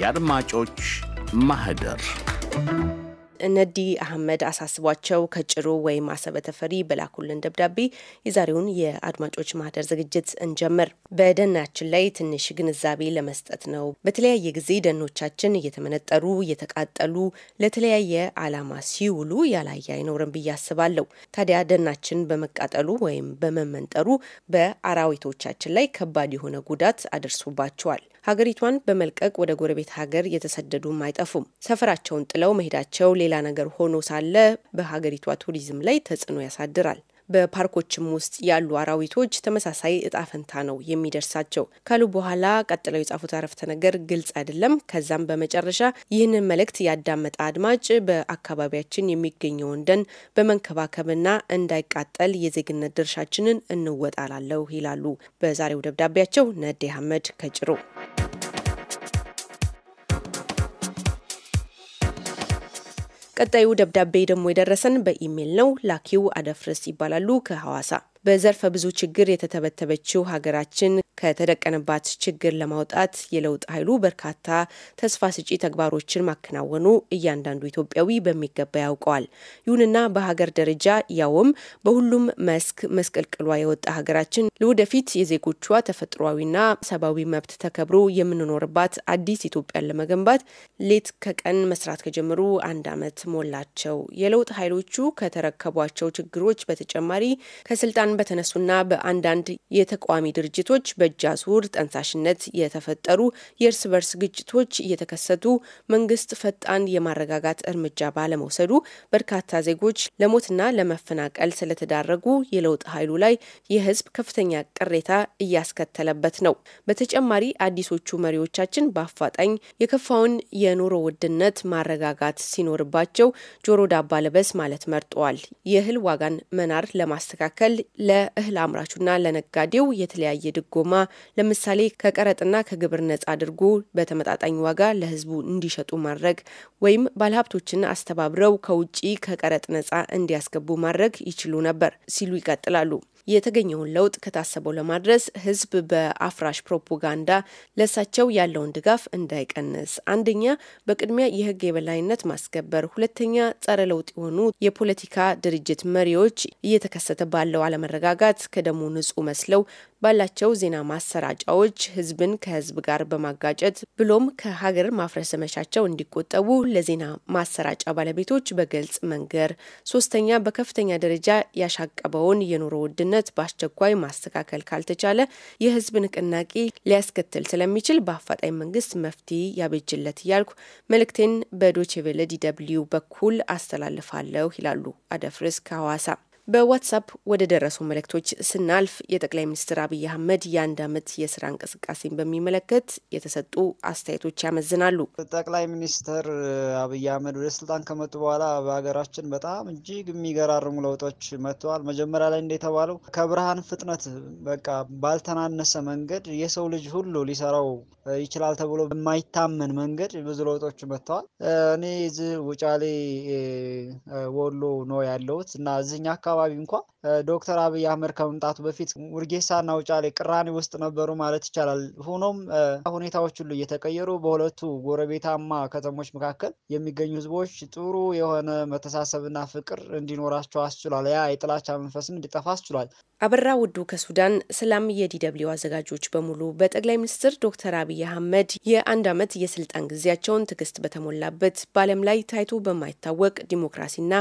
የአድማጮች ማህደር ነዲ አህመድ አሳስቧቸው ከጭሮ ወይም አሰበ ተፈሪ በላኩልን ደብዳቤ የዛሬውን የአድማጮች ማህደር ዝግጅት እንጀምር። በደናችን ላይ ትንሽ ግንዛቤ ለመስጠት ነው። በተለያየ ጊዜ ደኖቻችን እየተመነጠሩ እየተቃጠሉ ለተለያየ ዓላማ ሲውሉ ያላየ አይኖርም ብዬ አስባለሁ። ታዲያ ደናችን በመቃጠሉ ወይም በመመንጠሩ በአራዊቶቻችን ላይ ከባድ የሆነ ጉዳት አድርሶባቸዋል። ሀገሪቷን በመልቀቅ ወደ ጎረቤት ሀገር የተሰደዱም አይጠፉም። ሰፈራቸውን ጥለው መሄዳቸው ሌላ ነገር ሆኖ ሳለ በሀገሪቷ ቱሪዝም ላይ ተጽዕኖ ያሳድራል። በፓርኮችም ውስጥ ያሉ አራዊቶች ተመሳሳይ እጣ ፈንታ ነው የሚደርሳቸው ካሉ በኋላ ቀጥለው የጻፉት አረፍተ ነገር ግልጽ አይደለም። ከዛም በመጨረሻ ይህንን መልእክት ያዳመጠ አድማጭ በአካባቢያችን የሚገኘውን ደን በመንከባከብና እንዳይቃጠል የዜግነት ድርሻችንን እንወጣላለሁ ይላሉ በዛሬው ደብዳቤያቸው ነዴ አህመድ ከጭሮ ቀጣዩ ደብዳቤ ደግሞ የደረሰን በኢሜይል ነው። ላኪው አደፍርስ ይባላሉ ከሐዋሳ በዘርፈ ብዙ ችግር የተተበተበችው ሀገራችን ከተደቀነባት ችግር ለማውጣት የለውጥ ኃይሉ በርካታ ተስፋ ስጪ ተግባሮችን ማከናወኑ እያንዳንዱ ኢትዮጵያዊ በሚገባ ያውቀዋል። ይሁንና በሀገር ደረጃ ያውም በሁሉም መስክ መስቀልቅሏ የወጣ ሀገራችን ለወደፊት የዜጎቿ ተፈጥሯዊና ሰብአዊ መብት ተከብሮ የምንኖርባት አዲስ ኢትዮጵያን ለመገንባት ሌት ከቀን መስራት ከጀመሩ አንድ ዓመት ሞላቸው። የለውጥ ኃይሎቹ ከተረከቧቸው ችግሮች በተጨማሪ ከስልጣን ስልጣን በተነሱና በአንዳንድ የተቃዋሚ ድርጅቶች በእጅ አዙር ጠንሳሽነት የተፈጠሩ የእርስ በርስ ግጭቶች እየተከሰቱ መንግስት ፈጣን የማረጋጋት እርምጃ ባለመውሰዱ በርካታ ዜጎች ለሞትና ለመፈናቀል ስለተዳረጉ የለውጥ ኃይሉ ላይ የህዝብ ከፍተኛ ቅሬታ እያስከተለበት ነው። በተጨማሪ አዲሶቹ መሪዎቻችን በአፋጣኝ የከፋውን የኑሮ ውድነት ማረጋጋት ሲኖርባቸው ጆሮ ዳባ ለበስ ማለት መርጠዋል። የእህል ዋጋን መናር ለማስተካከል ለእህል አምራቹና ለነጋዴው የተለያየ ድጎማ ለምሳሌ ከቀረጥና ከግብር ነጻ አድርጎ በተመጣጣኝ ዋጋ ለህዝቡ እንዲሸጡ ማድረግ ወይም ባለሀብቶችን አስተባብረው ከውጪ ከቀረጥ ነጻ እንዲያስገቡ ማድረግ ይችሉ ነበር ሲሉ ይቀጥላሉ። የተገኘውን ለውጥ ከታሰበው ለማድረስ ህዝብ በአፍራሽ ፕሮፓጋንዳ ለሳቸው ያለውን ድጋፍ እንዳይቀንስ፣ አንደኛ በቅድሚያ የህግ የበላይነት ማስከበር፣ ሁለተኛ ጸረ ለውጥ የሆኑ የፖለቲካ ድርጅት መሪዎች እየተከሰተ ባለው አለመ ለመረጋጋት ከደሙ ንጹህ መስለው ባላቸው ዜና ማሰራጫዎች ህዝብን ከህዝብ ጋር በማጋጨት ብሎም ከሀገር ማፍረስ እንዲቆጠቡ ለዜና ማሰራጫ ባለቤቶች በግልጽ መንገር፣ ሶስተኛ በከፍተኛ ደረጃ ያሻቀበውን የኑሮ ውድነት በአስቸኳይ ማስተካከል ካልተቻለ የህዝብ ንቅናቄ ሊያስከትል ስለሚችል በአፋጣኝ መንግስት መፍትሄ ያበጅለት እያልኩ መልእክቴን በዶቼቬለ ዲ ደብልዩ በኩል አስተላልፋለሁ ይላሉ አደፍርስ ከሐዋሳ። በዋትሳፕ ወደ ደረሱ መልእክቶች ስናልፍ የጠቅላይ ሚኒስትር አብይ አህመድ የአንድ ዓመት የስራ እንቅስቃሴን በሚመለከት የተሰጡ አስተያየቶች ያመዝናሉ። ጠቅላይ ሚኒስትር አብይ አህመድ ወደ ስልጣን ከመጡ በኋላ በሀገራችን በጣም እጅግ የሚገራርሙ ለውጦች መጥተዋል። መጀመሪያ ላይ እንደተባለው ከብርሃን ፍጥነት በቃ ባልተናነሰ መንገድ የሰው ልጅ ሁሉ ሊሰራው ይችላል ተብሎ በማይታመን መንገድ ብዙ ለውጦች መጥተዋል። እኔ እዚህ ውጫሌ ወሎ ነው ያለሁት እና እዚህኛ አካባቢ አካባቢ እንኳ ዶክተር አብይ አህመድ ከመምጣቱ በፊት ውርጌሳና ውጫሌ ቅራኔ ውስጥ ነበሩ ማለት ይቻላል። ሆኖም ሁኔታዎች ሁሉ እየተቀየሩ በሁለቱ ጎረቤታማ ከተሞች መካከል የሚገኙ ህዝቦች ጥሩ የሆነ መተሳሰብና ፍቅር እንዲኖራቸው አስችሏል። ያ የጥላቻ መንፈስም እንዲጠፋ አስችሏል። አበራ ውዱ ከሱዳን። ሰላም የዲደብሊው አዘጋጆች በሙሉ በጠቅላይ ሚኒስትር ዶክተር አብይ አህመድ የአንድ ዓመት የስልጣን ጊዜያቸውን ትዕግስት በተሞላበት በዓለም ላይ ታይቶ በማይታወቅ ዲሞክራሲና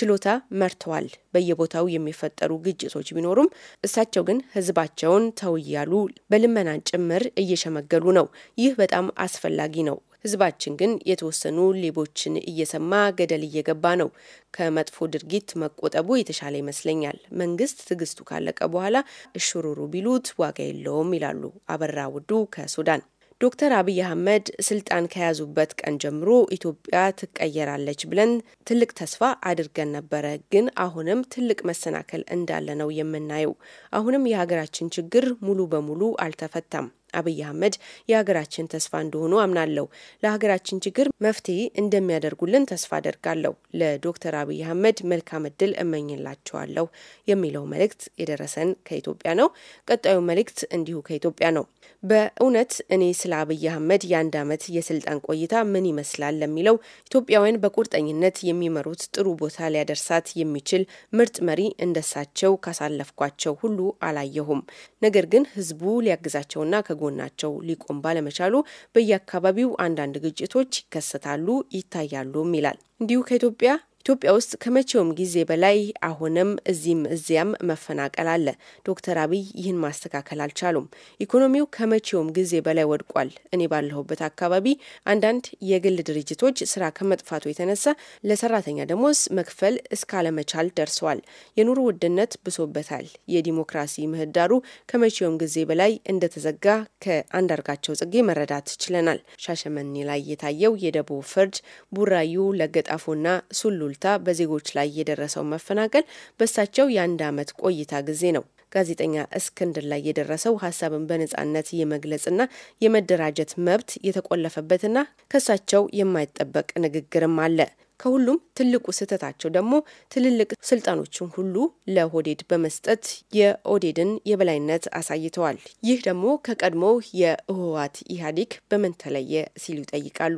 ችሎታ መርተዋል። በየቦታው የሚፈጠሩ ግጭቶች ቢኖሩም እሳቸው ግን ህዝባቸውን ተው እያሉ በልመናን ጭምር እየሸመገሉ ነው። ይህ በጣም አስፈላጊ ነው። ህዝባችን ግን የተወሰኑ ሌቦችን እየሰማ ገደል እየገባ ነው። ከመጥፎ ድርጊት መቆጠቡ የተሻለ ይመስለኛል። መንግስት ትዕግስቱ ካለቀ በኋላ እሽሩሩ ቢሉት ዋጋ የለውም ይላሉ አበራ ውዱ ከሱዳን። ዶክተር አብይ አህመድ ስልጣን ከያዙበት ቀን ጀምሮ ኢትዮጵያ ትቀየራለች ብለን ትልቅ ተስፋ አድርገን ነበረ። ግን አሁንም ትልቅ መሰናከል እንዳለ ነው የምናየው። አሁንም የሀገራችን ችግር ሙሉ በሙሉ አልተፈታም። አብይ አህመድ የሀገራችን ተስፋ እንደሆኑ አምናለሁ። ለሀገራችን ችግር መፍትሄ እንደሚያደርጉልን ተስፋ አደርጋለሁ። ለዶክተር አብይ አህመድ መልካም እድል እመኝላቸዋለሁ የሚለው መልእክት የደረሰን ከኢትዮጵያ ነው። ቀጣዩ መልእክት እንዲሁ ከኢትዮጵያ ነው። በእውነት እኔ ስለ አብይ አህመድ የአንድ ዓመት የስልጣን ቆይታ ምን ይመስላል ለሚለው ኢትዮጵያውያን በቁርጠኝነት የሚመሩት ጥሩ ቦታ ሊያደርሳት የሚችል ምርጥ መሪ እንደሳቸው ካሳለፍኳቸው ሁሉ አላየሁም። ነገር ግን ህዝቡ ሊያግዛቸውና ከጎናቸው ሊቆም ባለመቻሉ በየአካባቢው አንዳንድ ግጭቶች ይከሰታሉ፣ ይታያሉም ይላል። እንዲሁ ከኢትዮጵያ ኢትዮጵያ ውስጥ ከመቼውም ጊዜ በላይ አሁንም እዚህም እዚያም መፈናቀል አለ። ዶክተር አብይ ይህን ማስተካከል አልቻሉም። ኢኮኖሚው ከመቼውም ጊዜ በላይ ወድቋል። እኔ ባለሁበት አካባቢ አንዳንድ የግል ድርጅቶች ስራ ከመጥፋቱ የተነሳ ለሰራተኛ ደሞዝ መክፈል እስካለመቻል ደርሰዋል። የኑሮ ውድነት ብሶበታል። የዲሞክራሲ ምህዳሩ ከመቼውም ጊዜ በላይ እንደተዘጋ ከአንዳርጋቸው ጽጌ መረዳት ችለናል። ሻሸመኔ ላይ የታየው የደቡብ ፍርድ ቡራዩ፣ ለገጣፎና ሱሉ ጁልታ በዜጎች ላይ የደረሰው መፈናቀል በሳቸው የአንድ ዓመት ቆይታ ጊዜ ነው። ጋዜጠኛ እስክንድር ላይ የደረሰው ሀሳብን በነጻነት የመግለጽና የመደራጀት መብት የተቆለፈበትና ከሳቸው የማይጠበቅ ንግግርም አለ። ከሁሉም ትልቁ ስህተታቸው ደግሞ ትልልቅ ስልጣኖችን ሁሉ ለሆዴድ በመስጠት የኦዴድን የበላይነት አሳይተዋል። ይህ ደግሞ ከቀድሞ የህወሓት ኢህአዴግ በምን ተለየ ሲሉ ይጠይቃሉ።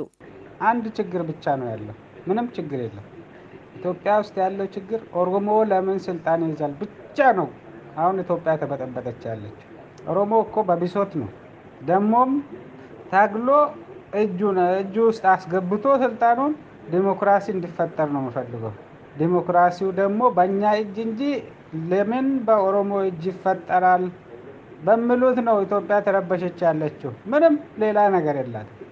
አንድ ችግር ብቻ ነው ያለው፣ ምንም ችግር የለም። ኢትዮጵያ ውስጥ ያለው ችግር ኦሮሞ ለምን ስልጣን ይይዛል ብቻ ነው። አሁን ኢትዮጵያ ተበጠበጠች ያለችው ኦሮሞ እኮ በብሶት ነው። ደግሞም ታግሎ እጁ እጁ ውስጥ አስገብቶ ስልጣኑን ዲሞክራሲ እንዲፈጠር ነው የምፈልገው። ዲሞክራሲው ደግሞ በእኛ እጅ እንጂ ለምን በኦሮሞ እጅ ይፈጠራል በሚሉት ነው ኢትዮጵያ ተረበሸች ያለችው። ምንም ሌላ ነገር የላትም።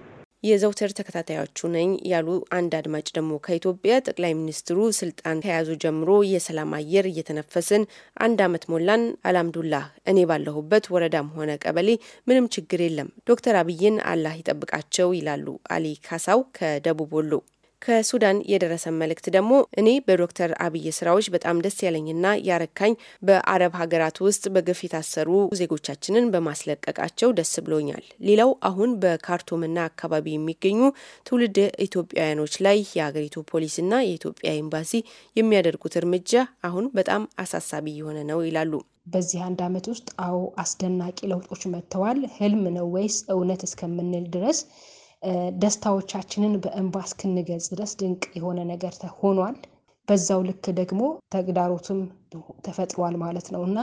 የዘውትር ተከታታዮቹ ነኝ ያሉ አንድ አድማጭ ደግሞ ከኢትዮጵያ ጠቅላይ ሚኒስትሩ ስልጣን ከያዙ ጀምሮ የሰላም አየር እየተነፈስን አንድ ዓመት ሞላን። አልሐምዱላህ እኔ ባለሁበት ወረዳም ሆነ ቀበሌ ምንም ችግር የለም። ዶክተር አብይን አላህ ይጠብቃቸው ይላሉ አሊ ካሳው ከደቡብ ወሎ። ከሱዳን የደረሰ መልእክት ደግሞ እኔ በዶክተር አብይ ስራዎች በጣም ደስ ያለኝና ያረካኝ በአረብ ሀገራት ውስጥ በግፍ የታሰሩ ዜጎቻችንን በማስለቀቃቸው ደስ ብሎኛል። ሌላው አሁን በካርቱምና አካባቢ የሚገኙ ትውልድ ኢትዮጵያውያኖች ላይ የሀገሪቱ ፖሊስና የኢትዮጵያ ኤምባሲ የሚያደርጉት እርምጃ አሁን በጣም አሳሳቢ የሆነ ነው ይላሉ። በዚህ አንድ ዓመት ውስጥ አዎ አስደናቂ ለውጦች መጥተዋል። ህልም ነው ወይስ እውነት እስከምንል ድረስ ደስታዎቻችንን በእንባ እስክንገልጽ ድረስ ድንቅ የሆነ ነገር ሆኗል። በዛው ልክ ደግሞ ተግዳሮቱም ተፈጥሯል ማለት ነው እና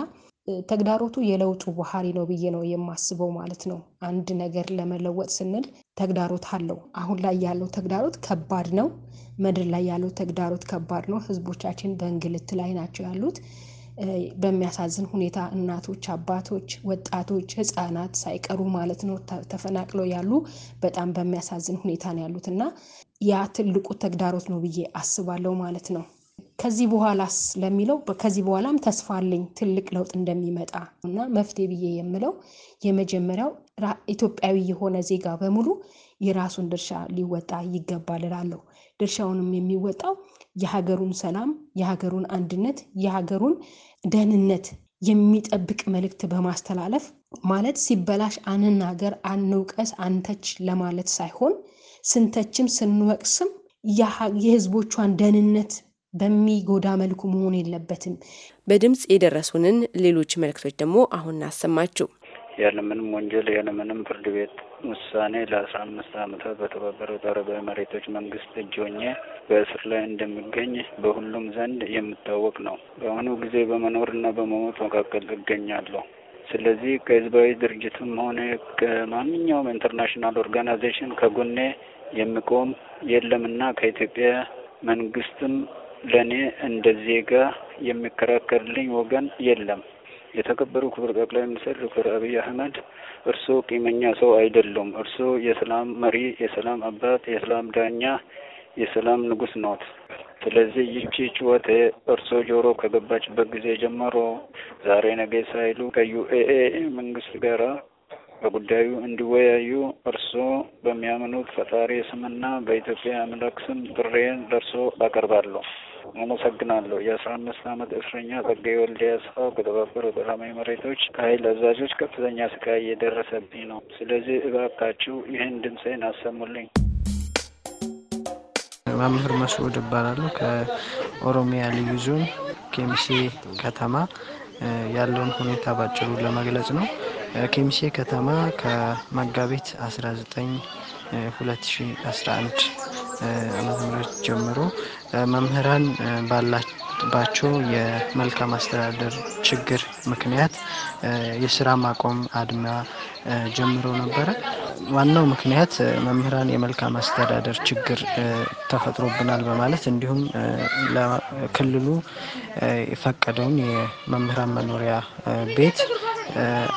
ተግዳሮቱ የለውጡ ባህሪ ነው ብዬ ነው የማስበው ማለት ነው። አንድ ነገር ለመለወጥ ስንል ተግዳሮት አለው። አሁን ላይ ያለው ተግዳሮት ከባድ ነው። ምድር ላይ ያለው ተግዳሮት ከባድ ነው። ህዝቦቻችን በእንግልት ላይ ናቸው ያሉት። በሚያሳዝን ሁኔታ እናቶች፣ አባቶች፣ ወጣቶች፣ ህፃናት ሳይቀሩ ማለት ነው ተፈናቅለው ያሉ በጣም በሚያሳዝን ሁኔታ ነው ያሉት እና ያ ትልቁ ተግዳሮት ነው ብዬ አስባለሁ ማለት ነው። ከዚህ በኋላስ ለሚለው ከዚህ በኋላም ተስፋ አለኝ ትልቅ ለውጥ እንደሚመጣ እና መፍትሄ ብዬ የምለው የመጀመሪያው ኢትዮጵያዊ የሆነ ዜጋ በሙሉ የራሱን ድርሻ ሊወጣ ይገባል እላለሁ። ድርሻውንም የሚወጣው የሀገሩን ሰላም፣ የሀገሩን አንድነት፣ የሀገሩን ደህንነት የሚጠብቅ መልእክት በማስተላለፍ ማለት ሲበላሽ አንናገር፣ አንውቀስ፣ አንተች ለማለት ሳይሆን ስንተችም ስንወቅስም የህዝቦቿን ደህንነት በሚጎዳ መልኩ መሆን የለበትም። በድምፅ የደረሱንን ሌሎች መልእክቶች ደግሞ አሁን አሰማችሁ። ያለምንም ወንጀል ያለምንም ፍርድ ቤት ውሳኔ ለአስራ አምስት ዓመታት በተባበሩት አረብ ኤሚሬቶች መንግስት እጅ ሆኜ በእስር ላይ እንደሚገኝ በሁሉም ዘንድ የሚታወቅ ነው። በአሁኑ ጊዜ በመኖርና በመሞት መካከል እገኛለሁ። ስለዚህ ከህዝባዊ ድርጅትም ሆነ ከማንኛውም ኢንተርናሽናል ኦርጋናይዜሽን ከጎኔ የሚቆም የለምና ከኢትዮጵያ መንግስትም ለእኔ እንደ ዜጋ የሚከራከርልኝ ወገን የለም። የተከበሩ ክቡር ጠቅላይ ሚኒስትር ዶክተር አብይ አህመድ እርስዎ ቂመኛ ሰው አይደሉም። እርስዎ የሰላም መሪ፣ የሰላም አባት፣ የሰላም ዳኛ፣ የሰላም ንጉስ ኖት። ስለዚህ ይቺ ጩወት እርስዎ ጆሮ ከገባችበት ጊዜ ጀምሮ ዛሬ ነገ ሳይሉ ከዩኤኤ መንግስት ጋር በጉዳዩ እንዲወያዩ እርስዎ በሚያምኑት ፈጣሪ ስምና በኢትዮጵያ አምላክ ስም ጥሬን ለእርስዎ አቀርባለሁ። አመሰግናለሁ። የአስራ አምስት አመት እስረኛ ጸጋዬ ወልደ ያስፋው ከተባበሩት ሰላማዊ መሬቶች ከሀይል አዛዦች ከፍተኛ ስቃይ እየደረሰብኝ ነው። ስለዚህ እባካችሁ ይህን ድምፄን አሰሙልኝ። መምህር መስዑድ እባላለሁ ከኦሮሚያ ልዩ ዞን ኬሚሴ ከተማ ያለውን ሁኔታ ባጭሩ ለመግለጽ ነው። ኬሚሴ ከተማ ከመጋቢት 19 2011 ዓመተ ምህረት ጀምሮ መምህራን ባላባቸው የመልካም አስተዳደር ችግር ምክንያት የስራ ማቆም አድማ ጀምሮ ነበረ። ዋናው ምክንያት መምህራን የመልካም አስተዳደር ችግር ተፈጥሮብናል በማለት እንዲሁም ለክልሉ የፈቀደውን የመምህራን መኖሪያ ቤት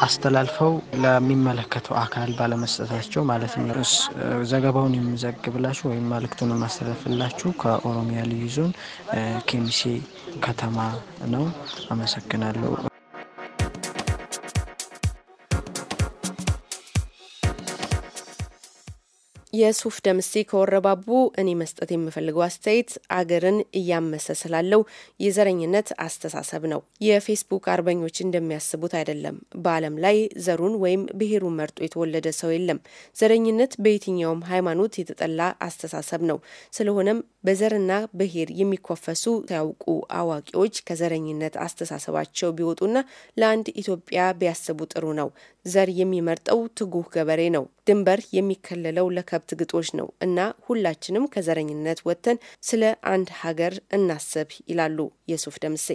አስተላልፈው ለሚመለከተው አካል ባለመስጠታቸው ማለትም ዘገባውን የምዘግብላችሁ ወይም መልእክቱን የማስተላልፍላችሁ ከኦሮሚያ ልዩ ዞን ኬሚሴ ከተማ ነው። አመሰግናለሁ። የሱፍ ደምሴ ከወረባቡ እኔ መስጠት የምፈልገው አስተያየት አገርን እያመሰ ስላለው የዘረኝነት አስተሳሰብ ነው። የፌስቡክ አርበኞች እንደሚያስቡት አይደለም። በዓለም ላይ ዘሩን ወይም ብሔሩን መርጦ የተወለደ ሰው የለም። ዘረኝነት በየትኛውም ሃይማኖት የተጠላ አስተሳሰብ ነው። ስለሆነም በዘርና ብሔር የሚኮፈሱ ታያውቁ አዋቂዎች ከዘረኝነት አስተሳሰባቸው ቢወጡና ለአንድ ኢትዮጵያ ቢያስቡ ጥሩ ነው። ዘር የሚመርጠው ትጉህ ገበሬ ነው። ድንበር የሚከለለው ለከብ መብት ግጦሽ ነው እና ሁላችንም ከዘረኝነት ወጥተን ስለ አንድ ሀገር እናስብ ይላሉ የሱፍ ደምሴ።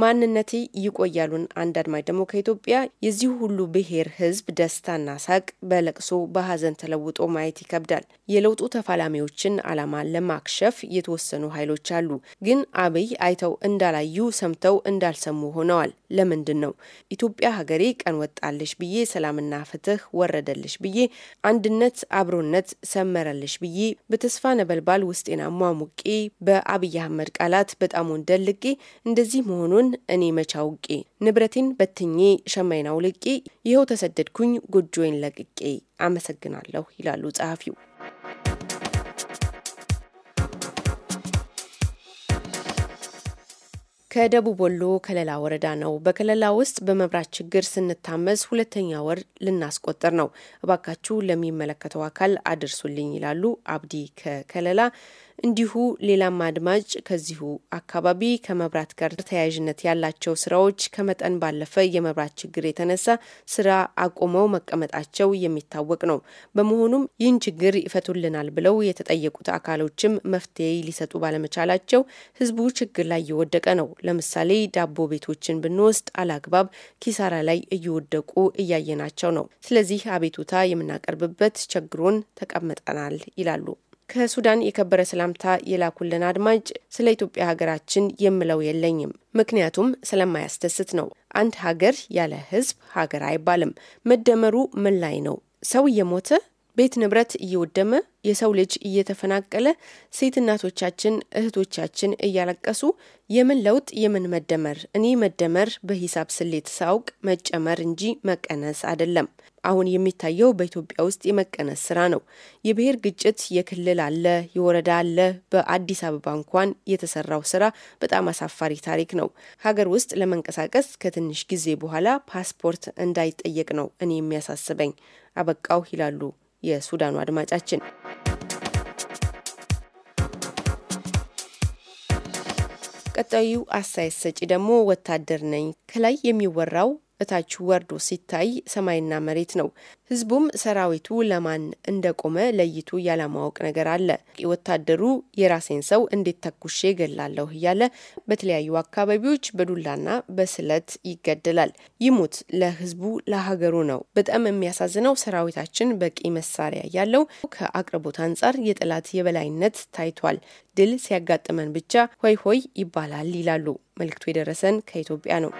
ማንነቴ ይቆያሉን አንድ አድማጭ ደግሞ ከኢትዮጵያ የዚህ ሁሉ ብሔር ህዝብ ደስታና ሳቅ በለቅሶ በሀዘን ተለውጦ ማየት ይከብዳል። የለውጡ ተፋላሚዎችን ዓላማ ለማክሸፍ የተወሰኑ ኃይሎች አሉ። ግን አብይ አይተው እንዳላዩ ሰምተው እንዳልሰሙ ሆነዋል። ለምንድን ነው ኢትዮጵያ ሀገሬ ቀን ወጣልሽ ብዬ ሰላምና ፍትህ ወረደልሽ ብዬ አንድነት አብሮነት ሰመረልሽ ብዬ በተስፋ ነበልባል ውስጤና ሟሙቄ በአብይ አህመድ ቃላት በጣም ወንደልቄ እንደዚህ መሆኑን መሆኑን እኔ መቻ አውቄ ንብረቴን በትኜ ሸማይን አውልቄ ይኸው ተሰደድኩኝ ጎጆዬን ለቅቄ አመሰግናለሁ ይላሉ ጸሐፊው። ከደቡብ ወሎ ከለላ ወረዳ ነው። በከለላ ውስጥ በመብራት ችግር ስንታመስ ሁለተኛ ወር ልናስቆጥር ነው። እባካችሁ ለሚመለከተው አካል አድርሱልኝ ይላሉ አብዲ ከከለላ። እንዲሁ ሌላም አድማጭ ከዚሁ አካባቢ ከመብራት ጋር ተያያዥነት ያላቸው ስራዎች ከመጠን ባለፈ የመብራት ችግር የተነሳ ስራ አቁመው መቀመጣቸው የሚታወቅ ነው። በመሆኑም ይህን ችግር ይፈቱልናል ብለው የተጠየቁት አካሎችም መፍትሄ ሊሰጡ ባለመቻላቸው ህዝቡ ችግር ላይ እየወደቀ ነው። ለምሳሌ ዳቦ ቤቶችን ብንወስድ አላግባብ ኪሳራ ላይ እየወደቁ እያየናቸው ነው። ስለዚህ አቤቱታ የምናቀርብበት ችግሩን ተቀምጠናል ይላሉ። ከሱዳን የከበረ ሰላምታ የላኩልን አድማጭ ስለ ኢትዮጵያ ሀገራችን የምለው የለኝም፣ ምክንያቱም ስለማያስደስት ነው። አንድ ሀገር ያለ ህዝብ ሀገር አይባልም። መደመሩ ምን ላይ ነው? ሰው እየሞተ ቤት ንብረት እየወደመ የሰው ልጅ እየተፈናቀለ ሴት እናቶቻችን እህቶቻችን እያለቀሱ የምን ለውጥ የምን መደመር? እኔ መደመር በሂሳብ ስሌት ሳውቅ መጨመር እንጂ መቀነስ አይደለም። አሁን የሚታየው በኢትዮጵያ ውስጥ የመቀነስ ስራ ነው። የብሔር ግጭት የክልል አለ፣ የወረዳ አለ። በአዲስ አበባ እንኳን የተሰራው ስራ በጣም አሳፋሪ ታሪክ ነው። ሀገር ውስጥ ለመንቀሳቀስ ከትንሽ ጊዜ በኋላ ፓስፖርት እንዳይጠየቅ ነው እኔ የሚያሳስበኝ። አበቃው ይላሉ የሱዳኑ አድማጫችን። ቀጣዩ አስተያየት ሰጪ ደግሞ ወታደር ነኝ። ከላይ የሚወራው እታች ወርዶ ሲታይ ሰማይና መሬት ነው። ህዝቡም ሰራዊቱ ለማን እንደቆመ ለይቱ ያለማወቅ ነገር አለ። ወታደሩ የራሴን ሰው እንዴት ተኩሼ ገላለሁ እያለ በተለያዩ አካባቢዎች በዱላና በስለት ይገደላል። ይሙት ለህዝቡ ለሀገሩ ነው። በጣም የሚያሳዝነው ሰራዊታችን በቂ መሳሪያ ያለው ከአቅርቦት አንጻር የጠላት የበላይነት ታይቷል። ድል ሲያጋጥመን ብቻ ሆይ ሆይ ይባላል ይላሉ። መልእክቱ የደረሰን ከኢትዮጵያ ነው።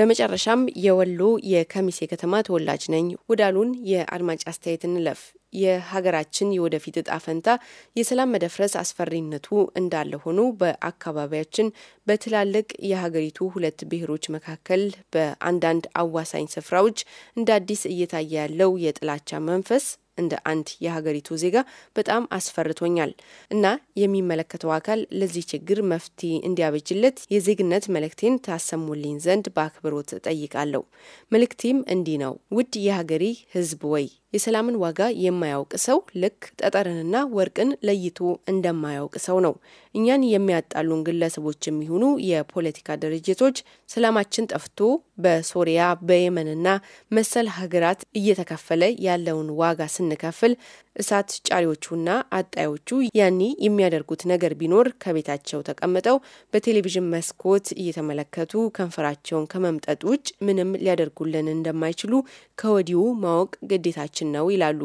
በመጨረሻም የወሎ የከሚሴ ከተማ ተወላጅ ነኝ ወዳሉን የአድማጭ አስተያየት እንለፍ። የሀገራችን የወደፊት እጣ ፈንታ የሰላም መደፍረስ አስፈሪነቱ እንዳለ ሆኖ በአካባቢያችን በትላልቅ የሀገሪቱ ሁለት ብሔሮች መካከል በአንዳንድ አዋሳኝ ስፍራዎች እንደ አዲስ እየታየ ያለው የጥላቻ መንፈስ እንደ አንድ የሀገሪቱ ዜጋ በጣም አስፈርቶኛል እና የሚመለከተው አካል ለዚህ ችግር መፍትሄ እንዲያበጅለት የዜግነት መልእክቴን ታሰሙልኝ ዘንድ በአክብሮት ጠይቃለሁ። መልእክቴም እንዲህ ነው። ውድ የሀገሬ ህዝብ ወይ የሰላምን ዋጋ የማያውቅ ሰው ልክ ጠጠርንና ወርቅን ለይቶ እንደማያውቅ ሰው ነው። እኛን የሚያጣሉን ግለሰቦች የሚሆኑ የፖለቲካ ድርጅቶች ሰላማችን ጠፍቶ በሶሪያ በየመንና መሰል ሀገራት እየተከፈለ ያለውን ዋጋ ስንከፍል እሳት ጫሪዎቹና አጣዮቹ ያኔ የሚያደርጉት ነገር ቢኖር ከቤታቸው ተቀምጠው በቴሌቪዥን መስኮት እየተመለከቱ ከንፈራቸውን ከመምጠጥ ውጭ ምንም ሊያደርጉልን እንደማይችሉ ከወዲሁ ማወቅ ግዴታችን ነው ይላሉ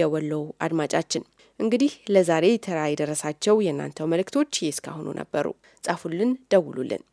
የወሎው አድማጫችን። እንግዲህ ለዛሬ ተራ የደረሳቸው የእናንተው መልእክቶች የእስካሁኑ ነበሩ። ጻፉልን፣ ደውሉልን።